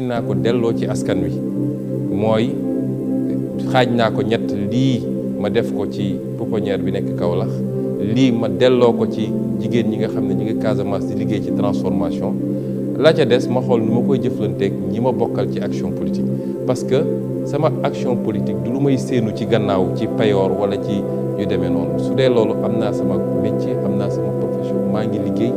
naa ko delloo ci askan wi mooy xaaj naa ko ñett lii ma def ko ci pouponnière bi nekk Kaolack lii ma delloo ko ci jigéen ñi nga xam ne ñi ngi Casamance di liggéey ci transformation la ca des ma xool nu ma koy jëflanteeg ñi ma bokkal ci action politique. parce que sama action politique du lu may séenu ci gannaaw ci payoor wala ci ñu demee noonu su dee loolu am naa sama métier am naa sama profession maa ngi liggéey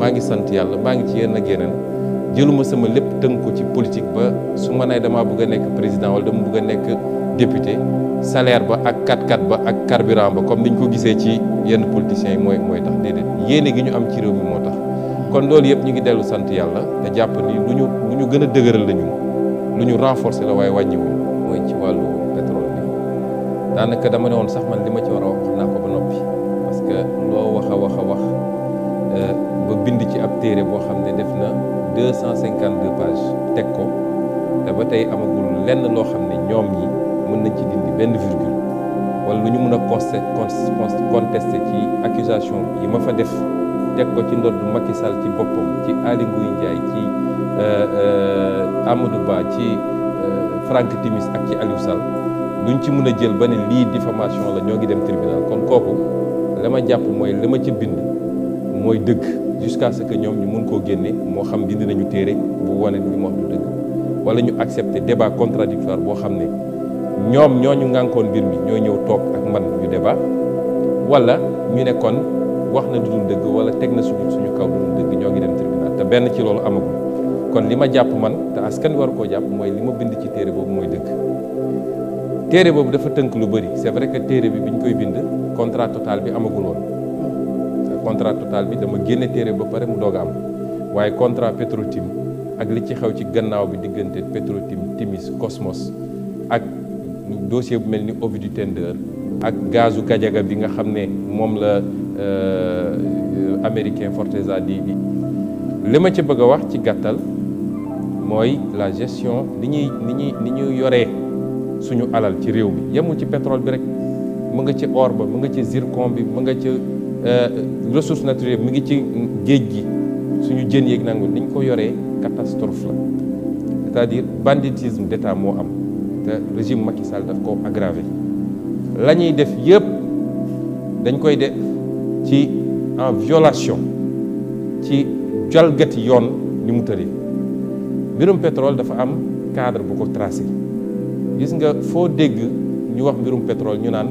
maa ngi sant yàlla maa ngi ci yenn ak yeneen jëluma sama lépp tënk ko ci politique ba su ma nee damaa bugg a nekk président wala dama bëgg a nekk député salaire ba ak kat-kat ba ak carburant ba comme niñ ko gisee ci yenn politiciens yi mooy mooy tax déedéet yéene gi ñu am ci réew mi moo tax kon loolu yëpp ñu ngi dellu sant yàlla te jàpp ni lu ñu lu ñu gën a dëgëral la lu ñu renforcer la waaye wàññiwul mooy ci wàllu pétrole daanaka dama ne woon sax man li ma ci war a wax naa ko ba noppi loo wax a wax euh, bind ci ab téere boo xam ne def na deux cent cinquante deux pages teg ko te ba tey amagul lenn loo xam ne ñoom ñi mën na ci dindi benn virgule wala lu ñu mën a conse contester ci accusation yi ma fa def teg ko ci ndodd Macky Sall ci boppam ci Aly Ngouille Ndiaye ci euh, euh, Amadou Ba ci euh, Franck Timis ak ci Aliou Sall duñ ci mën a jël ba ne lii diffamation la ñoo ngi dem tribunal kon kooku la jàpp mooy li ci bind mooy dëgg jusqu'à ce ñoom ñu mun koo génne moo xam dindi nañu téere bu wane ni li wala ñu accepter débat contradictoire boo xam ne ñoom ñoo ñu ngànkoon mbir mi ñoo ñëw toog man ñu débat wala ñu ne wax na du dul wala teg suñu kaw du ñoo ngi dem tribunal te benn ci loolu amagul kon li ma jàpp man te askan war koo jàpp mooy li ma bind ci téere boobu mooy dëgg téere boobu dafa tënk lu bëri c'est vrai que téere bi bi ñu koy bind contrat total bi amagul woon contrat total bi dama génne téere ba pare mu doog am waaye contrat Petro-Tim ak li ci xew ci gannaaw bi diggante Petro-Tim Timis Cosmos ak dossier bu mel ni Ovidiu Tender ak gazu Kajaga bi nga xam ne moom la euh, américain fortesa di bi li ma ci bëgg a wax ci gàttal mooy la gestion ni ñuy ni ñuy ni ñuy yore suñu alal ci réew mi yemul ci pétrole bi rek mu nga ci or mu nga ci zircon bi mu nga ci Euh, ressource naturelle mi ngi ci géej gi suñu jën yeeg nangu niñ ko yoree catastrophe la c'est-à-dire banditisme d'état moo am te régime Macky Sall daf ko aggravé la ñuy def yëpp dañ koy def ci en violation ci jalgati yoon ni mu tëree mbirum pétrole dafa am cadre bu ko tracé gis nga foo dégg ñu wax mbirum pétrole ñu naan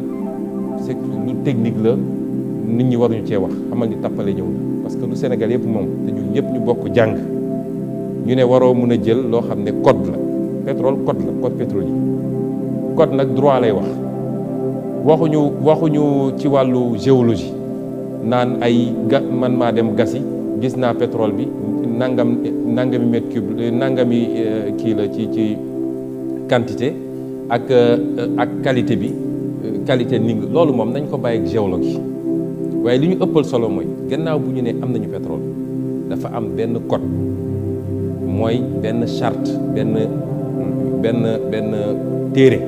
c'est lu technique la nit ñi waruñu cee wax xamal ni tappale ñëw na parce que lu Sénégal yëpp moom te ñun ñëpp ñu bokk jàng ñu ne waroo mun a jël loo xam ne code la pétrole code la code pétrolier code nag droit lay wax waxuñu waxuñu ci wàllu géologie naan ay ga man maa dem gasi gis naa pétrole bi nangam nangami mètre cube euh, nangami euh, kii la ci ci quantité ak euh, ak qualité bi qualité ning loolu moom nañ ko bàyyi ak waaye li ñu ëppal solo mooy gannaaw bu ñu nee am nañu pétrole dafa am benn code mooy benn charte benn benn benn téere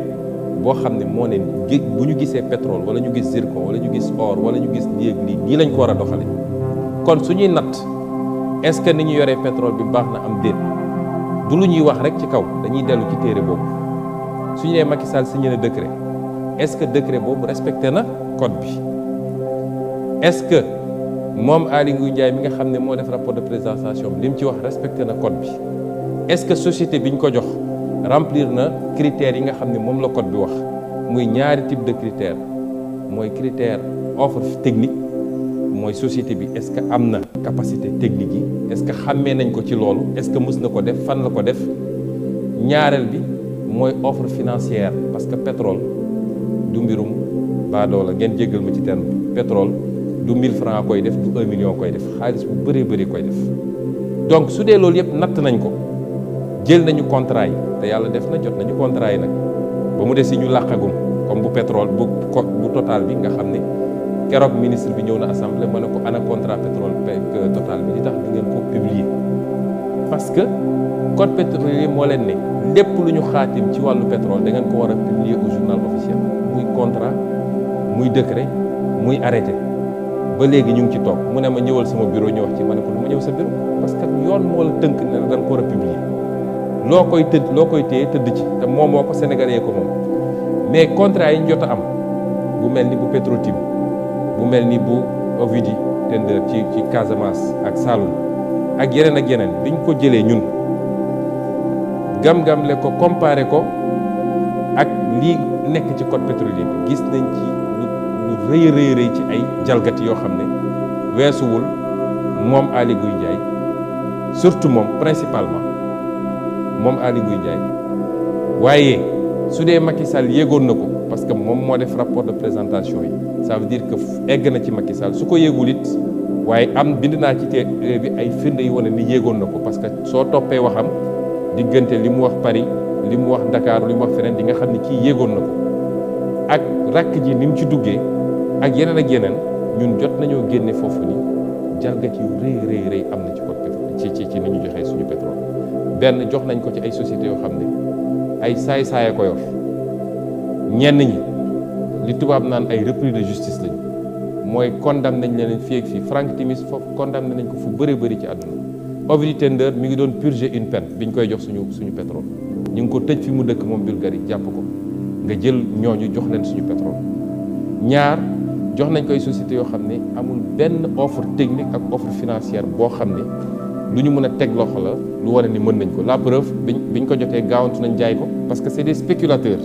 boo xam ne moo ne géej bu ñu gisee pétrole wala ñu gis zircon wala ñu gis or wala ñu gis lii lii nii lañ ko war a doxale kon suñuy natt est-ce que ni ñu yoree pétrole bi baax na am déet du lu ñuy wax rek ci kaw dañuy dellu ci téere boobu suñu nee Macky Sall si na décret est-ce que décret boobu respecté na code bi est-ce que moom Aly Ngouille Ndiaye mi nga xam ne moo def rapport de présentation bi li mu ci wax respecté na code bi est-ce que société bi ñu ko jox remplir na critères yi nga xam ne moom la code bi wax muy ñaari type de critères mooy critère offre technique mooy société bi est-ce que am na capacité technique yi est-ce que xàmmee nañ ko ci loolu est-ce que mës na ko def fan la ko def ñaareel bi mooy offre financière parce que pétrole du mbirum baadoola ngeen jéggal ma ci terme pétrole du 1000 francs koy def du 1 million koy def xaalis bu bëree bëri koy def donc su dee loolu yëpp natt nañ ko jël nañu contrat yi te yàlla def na jot nañu contrat yi nag ba mu des si ñu làqagum comme bu pétrole bu bu total bi nga xam ne keroog ministre bi ñëw na assemblée ma ne ko ana contrat pétrole total bi li tax di ngeen ko publier parce que kon pétrolier moo leen ne lépp lu ñu xaatim ci wàllu pétrole da ngeen ko war a publier au journal officiel muy contrat muy décret muy arrêté ba léegi ñu ngi ci toog mu ne ma ñëwal sama bureau ñu wax ci ma ko du ma ñëw sa bureau parce que yoon moo la tënk ne da ko war a loo koy tëdd loo koy téye tëdd ci te moom moo ko sénégalais ko moom mais contrat yi ñu jot a am bu mel ni bu Petro-Tim bu mel ni bu Ovidi tender ci ci Casamance ak Saloum ak yeneen ak yeneen biñ ko jëlee ñun gam-gamle ko comparé ko ak lii nekk ci code pétrolier bi gis nañ ci. bu rëy rëy ci ay jalgati yoo xam ne weesuwul moom Aly Ngouille Ndiaye surtout moom principalement moom Aly Ngouille Ndiaye waaye su dee Macky Sall yéegoon na ko parce que moom moo def rapport de présentation yi ça veut dire que egg na ci Macky Sall su ko yéegul it waaye am bind naa ci téere bi ay firnde yu wane ni yéegoon na ko parce que soo toppee waxam diggante li mu wax Paris li mu wax ndakaaru li mu wax feneen di nga xam ne kii yéegoon na ko ak rakk ji ni ci duggee ak yeneen ak yeneen ñun jot nañoo génne foofu ni jalgat yu rëy rëy rëy am na ci ci ci ci ni ñu joxee suñu pétrole benn jox nañ ko ci ay sociétés yoo xam ne ay saay-saay a ko yor ñenn ñi li tubaab naan ay repris de justice lañu mooy condamné nañ leen fii ak fii Frank Timis foofu condamné nañ ko fu bëree bari ci àdduna Ovidi Tender mi ngi doon purger une peine bi ñu koy jox suñu suñu pétrole ñu ngi ko tëj fi mu dëkk moom Bulgarie jàpp ko nga jël ñooñu jox leen suñu pétrole jox nañ koy société yoo xam ne amul benn offre technique ak offre financière boo xam ne lu ñu mën a teg loxo la lu wane ni mën nañ ko la preuve biñ biñ ko jotee gaawantu nañ jaay ko parce que c'est des spéculateurs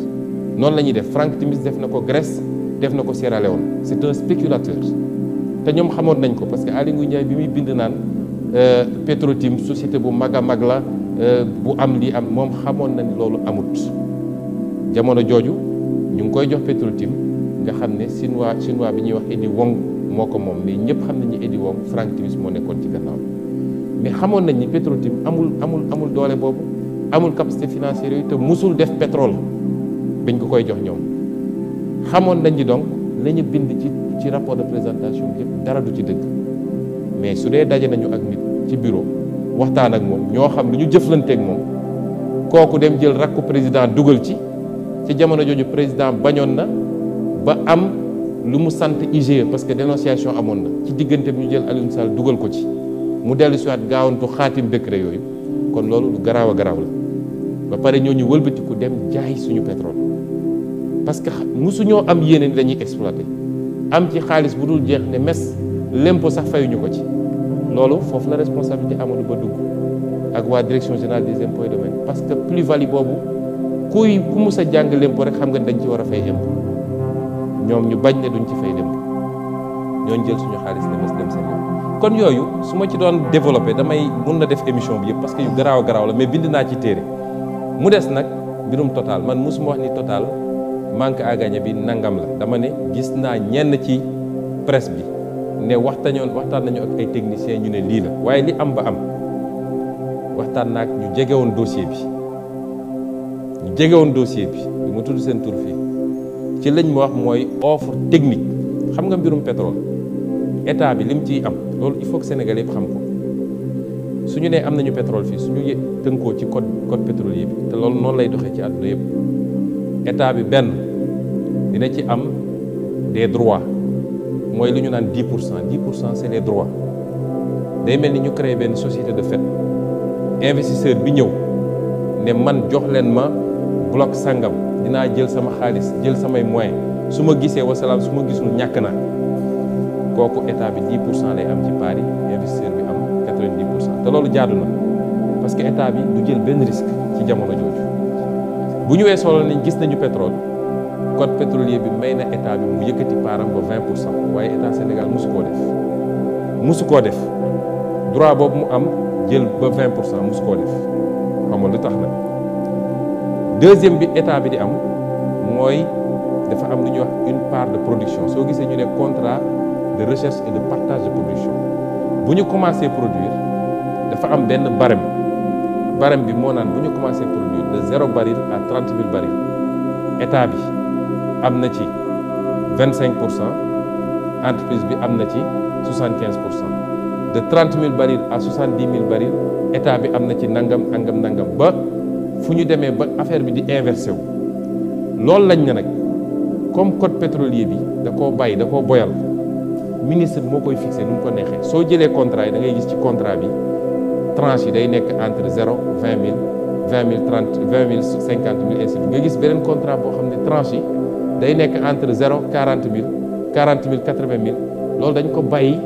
noonu la ñuy def Frank Timis def na ko Grèce def na ko Sierra Leone c'est un spéculateur te ñoom xamoon nañ ko parce que Aly Ngouille Ndiaye bi muy bind naan euh, pétrotime société bu mag a mag la euh, bu am lii am moom xamoon nañ loolu amut jamono jooju ñu ngi koy jox Petrotim nga xam ne chinois chinois bi ñuy wax Eddie Wong moo ko moom mais ñëpp xam ñu Eddie Wong Frank Timis moo nekkoon ci gannaaw mais xamoon nañ ni Petro-Tim amul amul amul boobu amul capacité financière yooyu te musul def pétrole biñ ko koy jox ñoom xamoon nañ ñi donc la bind ci ci rapport de présentation bi dara du ci dëgg mais su dee daje nañu ak nit ci bureau waxtaan ak moom ñoo xam lu ñu jëflanteeg moom kooku dem jël rakku président dugal ci ci jamono jooju président bañoon na. ba am lu mu sant IGE parce que dénonciation amoon na ci diggante bi ñu jël Alioune dugal ko ci mu dellu si waat gaawantu xaatim décret yooyu kon loolu lu garaaw a garaaw la ba pare ñoo ñu wëlbatiku dem jaay suñu pétrole parce que musuñoo am yéene ni dañuy exploité am ci xaalis bu dul jeex ne mes lempo sax fayuñu ko ci loolu foofu la responsabilité Amadou Ba dugg ak waa direction générale des impôts et domaines parce que plus-value boobu kuy ku mus a jàng lempo rek xam nga dañ ci war a fay ñoom ñu bañ ne duñ ci fay dem ñooñ jël suñu xaalis ne mes dem seen kon yooyu su ma ci doon développé damay mun na def émission bi yëpp parce que yu garaaw garaaw la mais bind naa ci téere mu des nag mbirum total man musuma wax ni total manque à gagner bi nangam la dama ne gis naa ñenn ci presse bi ne waxtañoon waxtaan nañu ak ay techniciens ñu ne lii la waaye li am ba am waxtaan naag ñu jegewoon dossier bi ñu jegewoon dossier bi du ma tudd seen tur fii ci lañ ma wax mooy offre technique xam nga mbirum pétrole état bi lim ciy am loolu il faut que Sénégal yëpp xam ko su ñu nee am nañu pétrole fii su ñu tënkoo ci code code pétrolier bi te loolu noonu lay doxe ci àdduna yëpp état bi benn dina ci am des droits mooy lu ñu naan 10 pour cent 10 pour cent c'est les droits day mel ni ñu créé benn société de fait investisseur bi ñëw ne man jox leen ma bloc sangam. naa jël sama xaalis jël samay moyen su ma gisee wasalaam su ma gisul ñàkk na kooku état bi 10 pour cent lay am ci part yi bi am 90 pour cent te loolu jaadu na parce que état bi du jël benn risque ci jamono jooju bu ñu weesoo loolu nañ gis nañu pétrole kon pétrolier bi may na état bi mu yëkkati paaram ba 20 pour cent waaye état Sénégal mosu koo def mosu koo def droit boobu mu am jël ba 20 pour cent mosu koo def xam lu tax na deuxième bi état bi di am mooy dafa am lu ñuy wax une part de production soo gisee ñu ne contrat de recherche et de partage de production bu ñu commencé produire dafa am benn barème barème bi moo naan bu ñu commencé produire de zéro baril à mille baril état bi na ci vingt cinq pour cent entreprise bi am na ci soixante quinze pour cent de mille baril à soixante dix mille baril état bi am na ci nangam nangam nangam ba. fu ñu demee ba affaire bi di inversé wu loolu lañ ne nag comme code pétrolier bi da koo bàyyi da koo boyal ministre bi moo koy fixé nu mu ko neexee soo jëlee contrat yi da gis ci contrat bi tranche yi day nekk entre zéro vingt mille vingt mille trente vingt mille cinquante nga gis beneen contrat boo xam ne tranche day nekk entre zéro quarante mille quarante mille quatre vingt mille loolu dañ ko bàyyi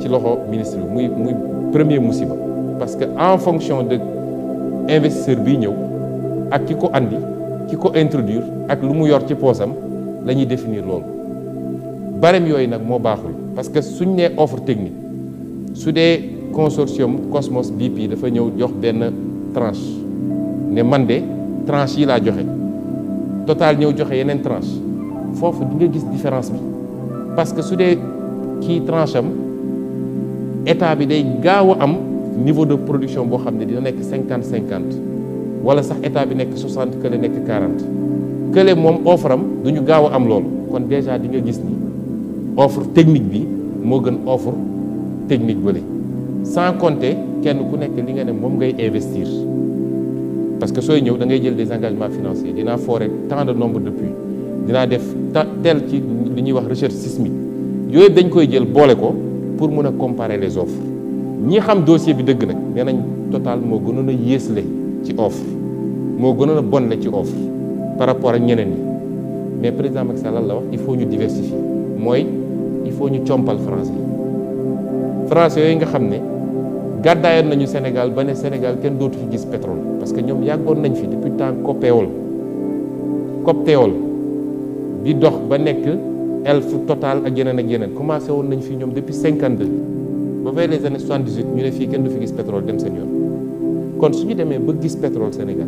ci loxo ministre bi muy muy premier musiba parce que en fonction dëgg investisseur bi ñëw ak ki ko andi ki ko introduire ak lu mu yor ci poosam la ñuy définir loolu barème yooyu nag moo baaxul parce que suñ nee offre technique su dee consortium Cosmos BP dafa ñëw jox benn tranche ne man de tranche yi laa joxe Total ñëw joxe yeneen tranche foofu di nga gis différence bi parce que su dee kii tranche am état bi day gaaw a am niveau de production boo xam ne dina nekk cinquante cinquante wala sax état bi nekk soixante kële nekk quarante kële moom offre am du gaaw a am loolu kon déjà di nga gis ni offre technique bi moo gën offre technique bële sans compter kenn ku nekk li nga ne moom ngay investir parce que sooy ñëw da ngay jël des engagements financiers dinaa forer tant de nombre de puits dinaa def tel ci li ñuy wax recherche sismique yooyu dañ koy jël boole ko pour mun a comparer les offres ñi xam dossier bi dëgg nag nee nañ total moo gënoon a yéesle ci offre moo gënoon a bonle ci offre par rapport ak ñeneen ñi mais président ma Sall la wax il faut ñu diversifier mooy il faut ñu compal français yi français yooyu nga xam ne gàddaayoon nañu Sénégal ba ne Sénégal kenn dootu fi gis pétrole parce que ñoom yàggoon nañ fi depuis temps copéol coptéol bi dox ba nekk Elf Total ak yeneen ak yeneen commencé woon nañ fi ñoom depuis 52. ba fay les années 78 ñu ne fii kenn du fi gis pétrole dem seen yoon kon su ñu demee ba gis pétrole Sénégal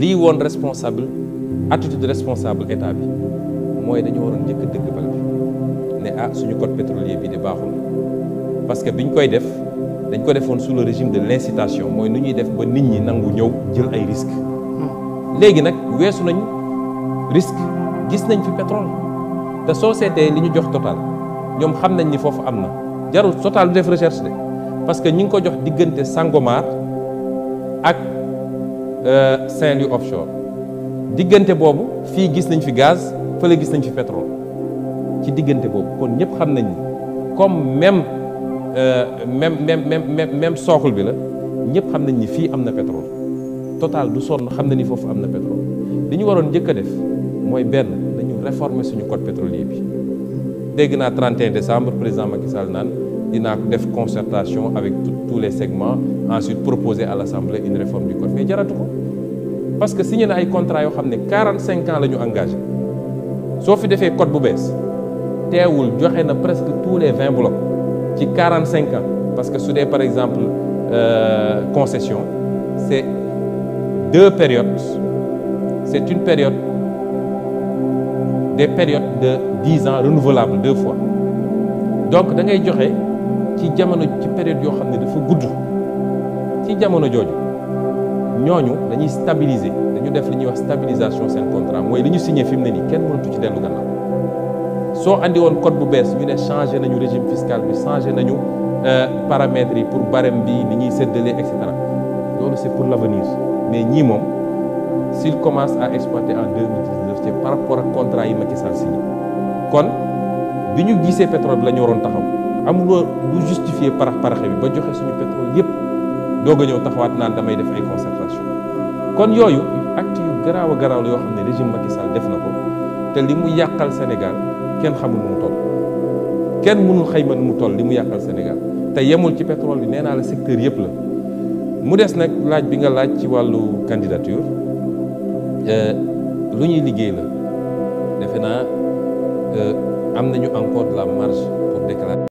lii woon responsable attitude responsable état bi mooy dañu waroon njëkk a dëgg ne ah suñu code pétrolier bi de baaxul parce que biñ koy def dañ ko defoon sous le régime de l'incitation mooy nu ñuy def ba nit ñi nangu ñëw jël ay risques léegi nag weesu nañu risque gis nañ fi pétrole te soo seetee li ñu jox total ñoom xam nañ ni foofu am na jarul total du def recherche de parce que ñi ngi ko jox diggante Sangomar ak euh, Saint-Louis offshore diggante boobu fii gis nañ fi gaz fële gis nañ fi pétrole ci diggante boobu kon ñëpp xam nañ ni comme euh, même même même même même socle bi la ñëpp xam nañ ni fii am na pétrole total du sonn xam na ni foofu am na pétrole li ñu waroon njëkk def mooy benn dañu réformer suñu code pétrolier bi dégg naa 31 décembre président Macky Sall naan dinaa def concertation avec tous les segments ensuite proposer à l'Assemblée une réforme du code mais jaratu ko parce que signé na ay contrat yoo xam ne 45 ans la ñu engagé soo fi defee code bu bees teewul joxe na presque tous les 20 blocs ci 45 ans parce que su dee par exemple euh, concession c'est deux périodes c'est une période des périodes de dix ans renouvelables deux fois donc da ngay joxe. ci jamono ci période yoo xam ne dafa gudd ci jamono jooju ñooñu dañuy stabiliser dañu def li ñuy wax stabilisation seen contrat mooy li ñu signé fi mu ne nii kenn mënatu ci dellu gannaaw soo andi woon code bu bees ñu ne changé nañu régime fiscal bi changé nañu euh, paramètres yi pour barème bi ni ñuy séddalee et cetera loolu pour pour l'avenir mais ñii moom s'il commence à exploiter en 2019 c'est par rapport ak contrat yi Macky si kon bi ñu gisee pétrole bi la ñu waroon taxaw amuloo bu justifié parax paraxe bi ba joxe suñu pétrole yépp doog a ñëw taxawaat naan damay def ay concertation kon yooyu acte yu garaaw a la yoo xam ne régime Macky Sall def na ko te li mu yàqal senegal kenn xamul nu mu toll kenn mënul xayma nu mu toll li mu yàqal Sénégal te yemul ci pétrole bi nee naa la secteur yépp la mu des nag laaj bi nga laaj ci wàllu candidature euh, lu ñuy liggéey la defe naa euh, am nañu encore de la marge pour